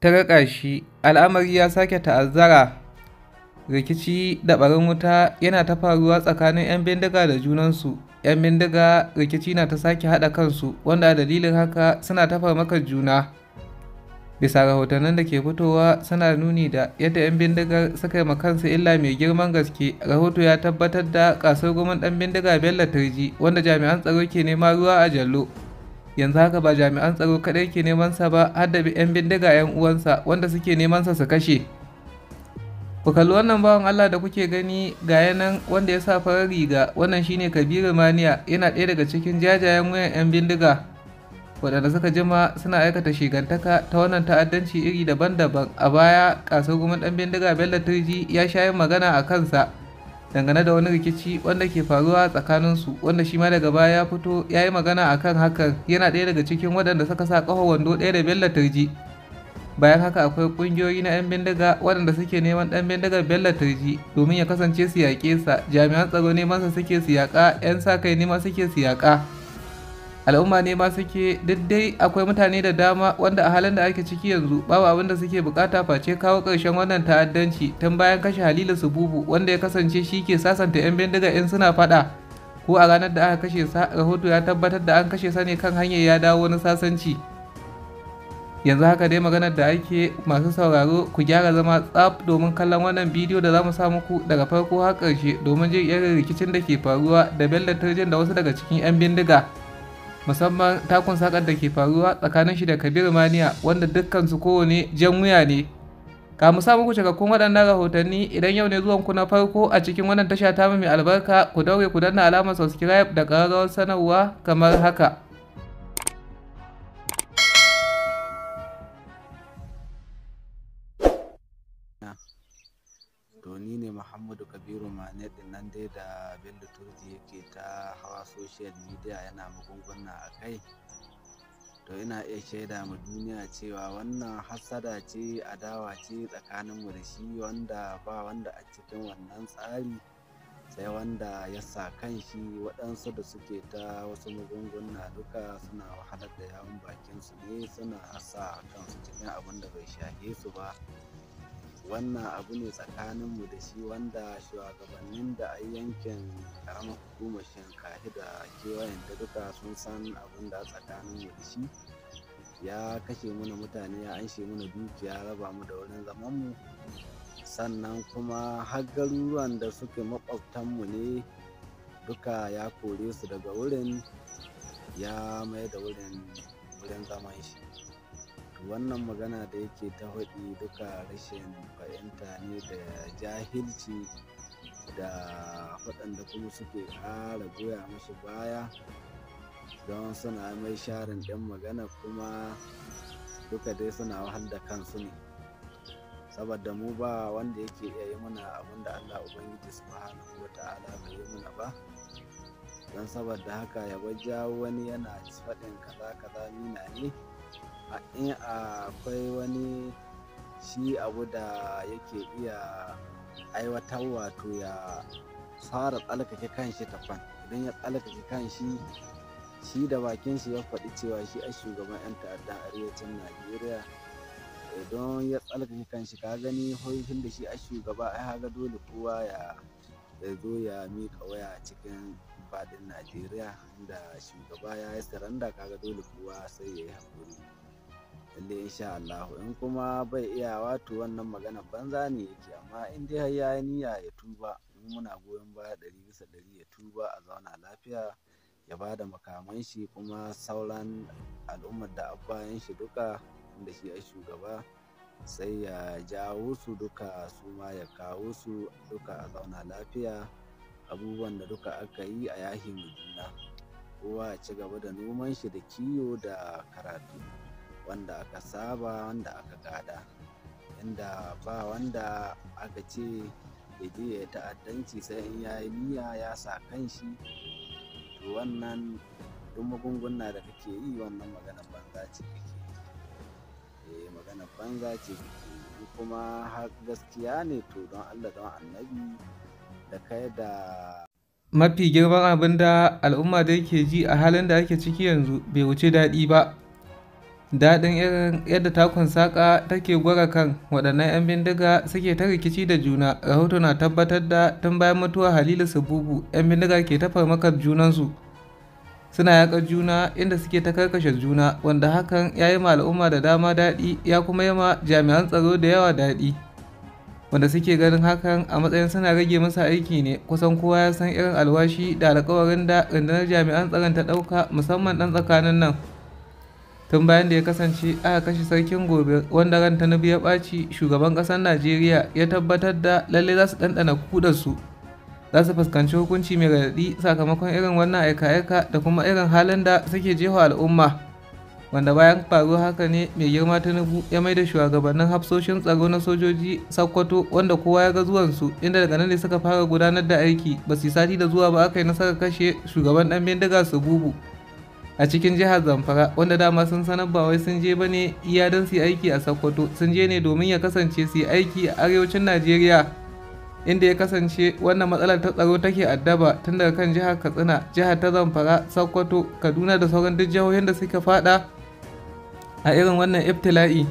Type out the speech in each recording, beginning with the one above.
ta raƙa shi al'amari ya sake ta'azzara rikici da ɓarin wuta yana ta faruwa tsakanin 'yan bindiga da junansu 'yan bindiga rikici na ta sake haɗa kansu wanda a dalilin haka suna ta farmakar juna bisa rahotannin da ke fitowa suna nuni da yadda 'yan bindigar suka yi kansu illa mai girman gaske rahoto ya tabbatar da kasar goman ɗan bindiga bello turji wanda jami'an tsaro ke nema ruwa a jallo yanzu haka ba jami'an tsaro kaɗai ke neman sa ba har da 'yan bindiga 'yan uwansa wanda suke neman sa su kashe ku kalli wannan bawan Allah da kuke gani ga yanan wanda ya sa farar riga wannan shine Kabiru Maniya yana ɗaya daga cikin jajayen wuyan 'yan bindiga waɗanda suka jima suna aikata shigantaka ta wannan ta'addanci iri daban-daban a baya kasar gumin ɗan bindiga Bello Turji ya sha yin magana a kansa dangane da wani rikici wanda ke faruwa a tsakaninsu wanda shi ma daga baya ya fito ya yi magana a kan hakan yana ɗaya daga cikin waɗanda suka sa ƙaho wando ɗaya da bella turji bayan haka akwai ƙungiyoyi na 'yan bindiga waɗanda suke neman ɗan bindigar bello turji domin ya kasance su yaƙe sa jami'an tsaro neman sa suke su yaƙa 'yan sa kai neman suke su yaƙa al'umma ne ma suke daddai akwai mutane da dama wanda a halin da ake ciki yanzu babu abin da suke bukata face kawo karshen wannan ta'addanci tun bayan kashe halilu sububu wanda ya kasance shi ke sasanta 'yan bindiga in suna fada ko a ranar da aka kashe sa rahoto ya tabbatar da an kashe sa ne kan hanyar ya dawo wani sasanci yanzu haka dai maganar da ake masu sauraro ku gyara zama tsaf domin kallon wannan bidiyo da zamu mu sa muku daga farko har karshe domin jin irin rikicin da ke faruwa da bellatar jin da wasu daga cikin 'yan bindiga musamman takun sakar da ke faruwa tsakanin shi da kabir maniya wanda dukkansu kowane jan wuya ne ka mu samu ku cikakkun waɗannan rahotanni idan yau ne zuwanku na farko a cikin wannan tasha ta mai albarka ku daure ku danna alamar subscribe da ƙararrawar sanarwa kamar haka ne Muhammadu Kabiru Mane nan dai da Bello Turji yake ta hawa social media yana magunguna a kai. To ina iya shaida ma duniya cewa wannan hassada ce adawa ce tsakanin mu da shi wanda ba wanda a cikin wannan tsari sai wanda ya sa kan shi waɗansu da suke ta wasu magunguna duka suna wahalar da yawon su ne suna sa kansu cikin abun da bai shahe su ba. wannan abu ne tsakaninmu da shi wanda shugabannin da a yankin karamar hukumar shinkafi da kewayen da duka sun san abin da tsakaninmu da shi ya kashe mana mutane ya anshe mana dukiya raba mu da wurin zamanmu sannan kuma har garuruwan da suke mu ne duka ya kore su daga wurin ya mai da wurin wurin zaman shi wannan magana da yake ta faɗi duka rashin fahimta ne da jahilci da waɗanda kuma suke ƙara goya musu baya don suna mai sharin ɗin magana kuma duka dai suna wahal da kansu ne saboda mu ba wanda yake iya yi mana abin da allah ubangiji subhanahu wa ta'ala bai yi mana ba don saboda haka ya jawo wani yana faɗin kaza kaza nuna ne in akwai wani shi abu da yake iya aiwatar wato ya fara tsalkake kanshi tafan idan ya tsalkake kanshi shi da bakin shi ya faɗi cewa shi a shugaban 'yan ta'adda arewacin najeriya idan ya tsalkake kanshi ka gani hoyin da shi a shugaba ai haga dole kowa ya zo ya miƙa waya a cikin faɗin najeriya da shugaba ya yi saranda kaga dole kowa sai ya yi haƙuri lalle insha Allah in kuma bai iya wato wannan magana banza ne yake amma in dai har yayi niyya ya tuba mu muna goyon baya ɗari bisa ɗari ya tuba a zauna lafiya ya ba da makaman shi kuma sauran al'ummar da bayan shi duka inda shi ya shugaba sai ya jawo su duka su ma ya kawo su duka a zauna lafiya abubuwan da duka aka yi a yahi juna kowa ya ci gaba da noman shi da kiwo da karatu wanda aka saba wanda aka gada inda ba wanda aka ce ya je ya ta'addanci sai in ya yi niyya ya sa shi, to wannan duk magunguna da kake yi wannan magana banza ce kake eh magana banza ce kake kuma har gaskiya ne to don Allah don annabi da kai da mafi girman abin da al'umma da yake ji a halin da ake ciki yanzu bai wuce daɗi ba daɗin irin yadda takun saƙa take gwara kan waɗannan 'yan bindiga suke ta rikici da juna rahoto na tabbatar da tun bayan mutuwar halilu sububu 'yan bindiga ke ta farmakar junansu suna yaƙar juna inda suke ta karkashe juna wanda hakan ya yi ma al'umma da dama daɗi ya kuma yi ma jami'an tsaro da yawa daɗi wanda suke ganin hakan a matsayin suna rage masa aiki ne kusan kowa ya san irin alwashi da alkawarin da rundunar jami'an tsaron ta ɗauka musamman ɗan tsakanin nan tun bayan da ya kasance aka kashe sarkin gobe wanda ran tanubu ya ɓaci shugaban ƙasar najeriya ya tabbatar da lalle za su ɗanɗana kudansu za su fuskanci hukunci mai raɗaɗi sakamakon irin wannan aika-aika da kuma irin halin da suke jefa al'umma wanda bayan faruwa haka ne mai girma tinubu ya mai da shugabannin hafsoshin tsaro na sojoji sakkwato wanda kowa ya ga zuwansu inda daga nan ne suka fara gudanar da aiki ba su sati da zuwa ba aka yi nasarar kashe shugaban dan bindiga su bubu a cikin jihar zamfara wanda dama sun sanar ba wai sun je ba ne iya don su yi aiki a sokoto sun je ne domin ya kasance su yi aiki a arewacin najeriya inda ya kasance wannan matsalar ta tsaro take addaba tun daga kan jihar katsina jihar ta zamfara sokoto kaduna da sauran duk jihohin da suka fada a irin wannan iftila'i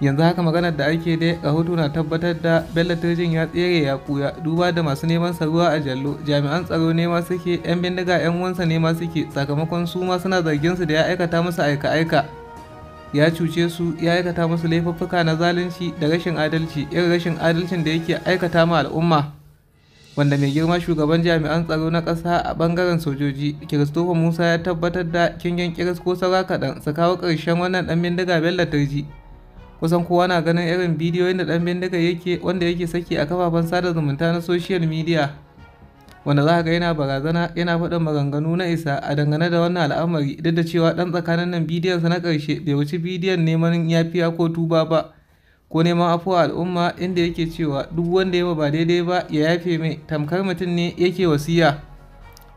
yanzu haka maganar da ake dai rahoto na tabbatar da bello turjin ya tsere ya kuya duba da masu neman sa a jallo jami'an tsaro ne ma suke yan bindiga yan wansa ne ma suke sakamakon su ma suna zargin su da ya aikata musu aika aika ya cuce su ya aikata musu laifuffuka na zalunci da rashin adalci irin rashin adalcin da yake aikata ma al'umma wanda mai girma shugaban jami'an tsaro na ƙasa a bangaren sojoji kiristofa musa ya tabbatar da kingin kiris ko saura kaɗan su kawo ƙarshen wannan ɗan bindiga bello turji kusan kowa na ganin irin bidiyoyin da dan bindiga yake wanda yake saki a kafafen sada zumunta na social media wanda za ga yana barazana yana faɗin maganganu na isa a dangane da wannan al'amari duk da cewa ɗan tsakanin nan bidiyonsa na ƙarshe bai wuci bidiyon neman yafiya ko tuba ba ko neman afuwa al'umma inda yake cewa duk wanda ya ba daidai ba ya yafe mai tamkar mutum ne yake wasiya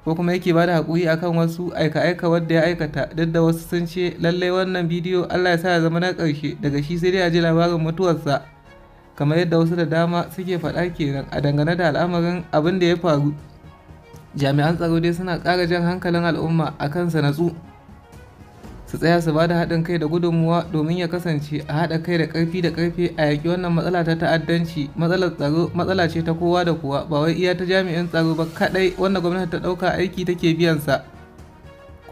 ko kuma yake ba da haƙuri akan wasu aika-aika wadda ya aikata duk da wasu sun ce lallai wannan bidiyo Allah ya sa ya zama na ƙarshe daga shi sai dai a ji labarin mutuwarsa kamar yadda wasu da dama suke faɗa kenan a dangane da al'amarin abin da ya faru jami'an tsaro dai suna ƙara jan hankalin al'umma akan sa natsu su tsaya su ba da haɗin kai da gudunmuwa domin ya kasance a haɗa kai da ƙarfi da ƙarfe a yaƙi wannan matsala ta ta'addanci matsalar tsaro matsala ce ta kowa da kowa ba wai iya ta jami'in tsaro ba kaɗai wanda gwamnati ta ɗauka aiki take biyan sa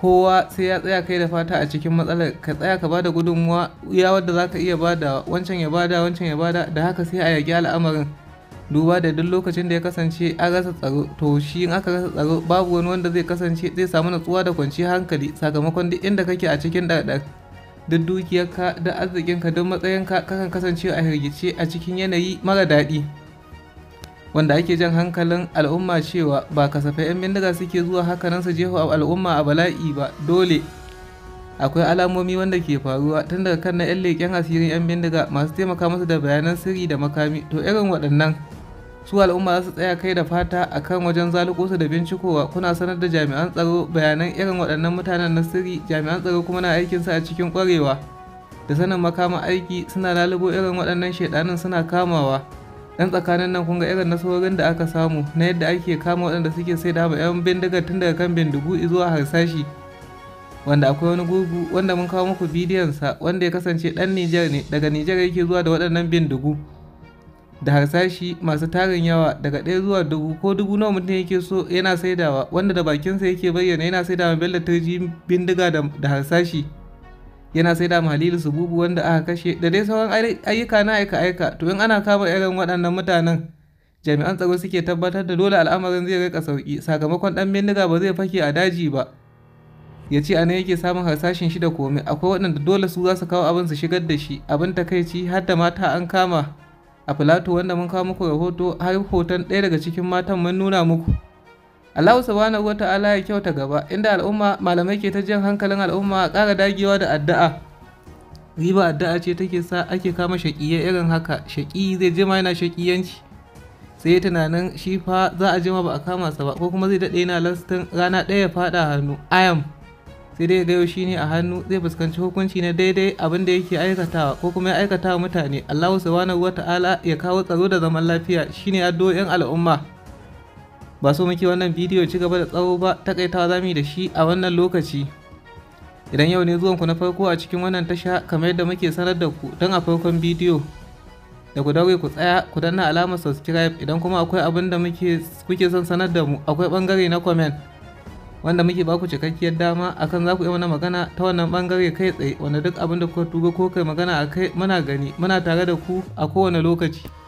kowa sai ya tsaya kai da fata a cikin matsalar ka tsaya ka bada gudunmuwa iya wadda zaka iya bada wancan ya bada wancan ya bada da haka sai a yaƙi al'amarin duba da duk lokacin da ya kasance a rasa tsaro to shi in aka rasa tsaro babu wani wanda zai kasance zai samu natsuwa da kwanci hankali sakamakon duk inda kake a cikin ɗarɗar duk dukiyarka da arzikinka duk matsayinka kakan kasance a hirgice a cikin yanayi mara daɗi wanda ake jan hankalin al'umma cewa ba kasafai 'yan bindiga suke zuwa haka nan su jefa al'umma a bala'i ba dole akwai alamomi wanda ke faruwa tun daga kan na 'yan leƙen asirin 'yan bindiga masu taimaka musu da bayanan sirri da makami to irin waɗannan su al'umma za su tsaya kai da fata a kan wajen su da bincikowa kuna sanar da jami'an tsaro bayanan irin waɗannan mutanen na sirri jami'an tsaro kuma na aikin su a cikin ƙwarewa da sanin makaman aiki suna lalubo irin waɗannan shaidanin suna kamawa dan tsakanin nan kun ga irin nasarorin da aka samu na yadda ake kama waɗanda suke sai da 'yan bindigar tun daga kan bindigu zuwa harsashi wanda akwai wani gurgu wanda mun kawo muku bidiyon sa wanda ya kasance dan Nijar ne daga Nijar yake zuwa da waɗannan bindigu da harsashi masu tarin yawa daga ɗaya zuwa dubu ko dubu nawa mutum yake so yana saidawa wanda da bakinsa yake bayyana yana saidawa bello turji bindiga da harsashi yana saida ma halilu sububu wanda aka kashe da dai sauran ayyuka na aika aika to in ana kama irin waɗannan mutanen jami'an tsaro suke tabbatar da dole al'amarin zai rika sauki sakamakon ɗan bindiga ba zai fake a daji ba ya ce a nan yake samun harsashin shi da komai akwai waɗanda dole su za su kawo abin su shigar da shi abin takaici har da mata an kama a filato wanda mun kawo muku rahoto har hoton ɗaya daga cikin matan mun nuna muku Allahu subhanahu wa ta'ala ya kyauta gaba inda al'umma malamai ke ta jan hankalin al'umma a ƙara dagewa da addu'a riba addu'a ce take sa ake kama shaƙiyya irin haka shaƙi zai jima yana shaƙiyanci sai tunanin shi fa za a jima ba a kama sa ba ko kuma zai daɗe yana lastin rana ɗaya ya faɗa hannu ayam sai dai ga shi ne a hannu zai fuskanci hukunci na daidai abin da yake aikatawa ko kuma ya aikatawa mutane Allahu subhanahu wata'ala ya kawo tsaro da zaman lafiya shine addu'o'in al'umma ba so muke wannan bidiyo ci gaba da tsawo ba takaitawa zamu yi da shi a wannan lokaci idan yau ne zuwanku na farko a cikin wannan tasha kamar yadda muke sanar da ku don a farkon bidiyo da ku daure ku tsaya ku danna alamar subscribe idan kuma akwai abin da muke kuke son sanar da mu akwai bangare na comment wanda muke baku cikakkiyar dama akan za ku yi mana magana ta wannan bangare kai tsaye wanda duk abin da kuka tuga ko kai magana a kai muna gani muna tare da ku a kowane lokaci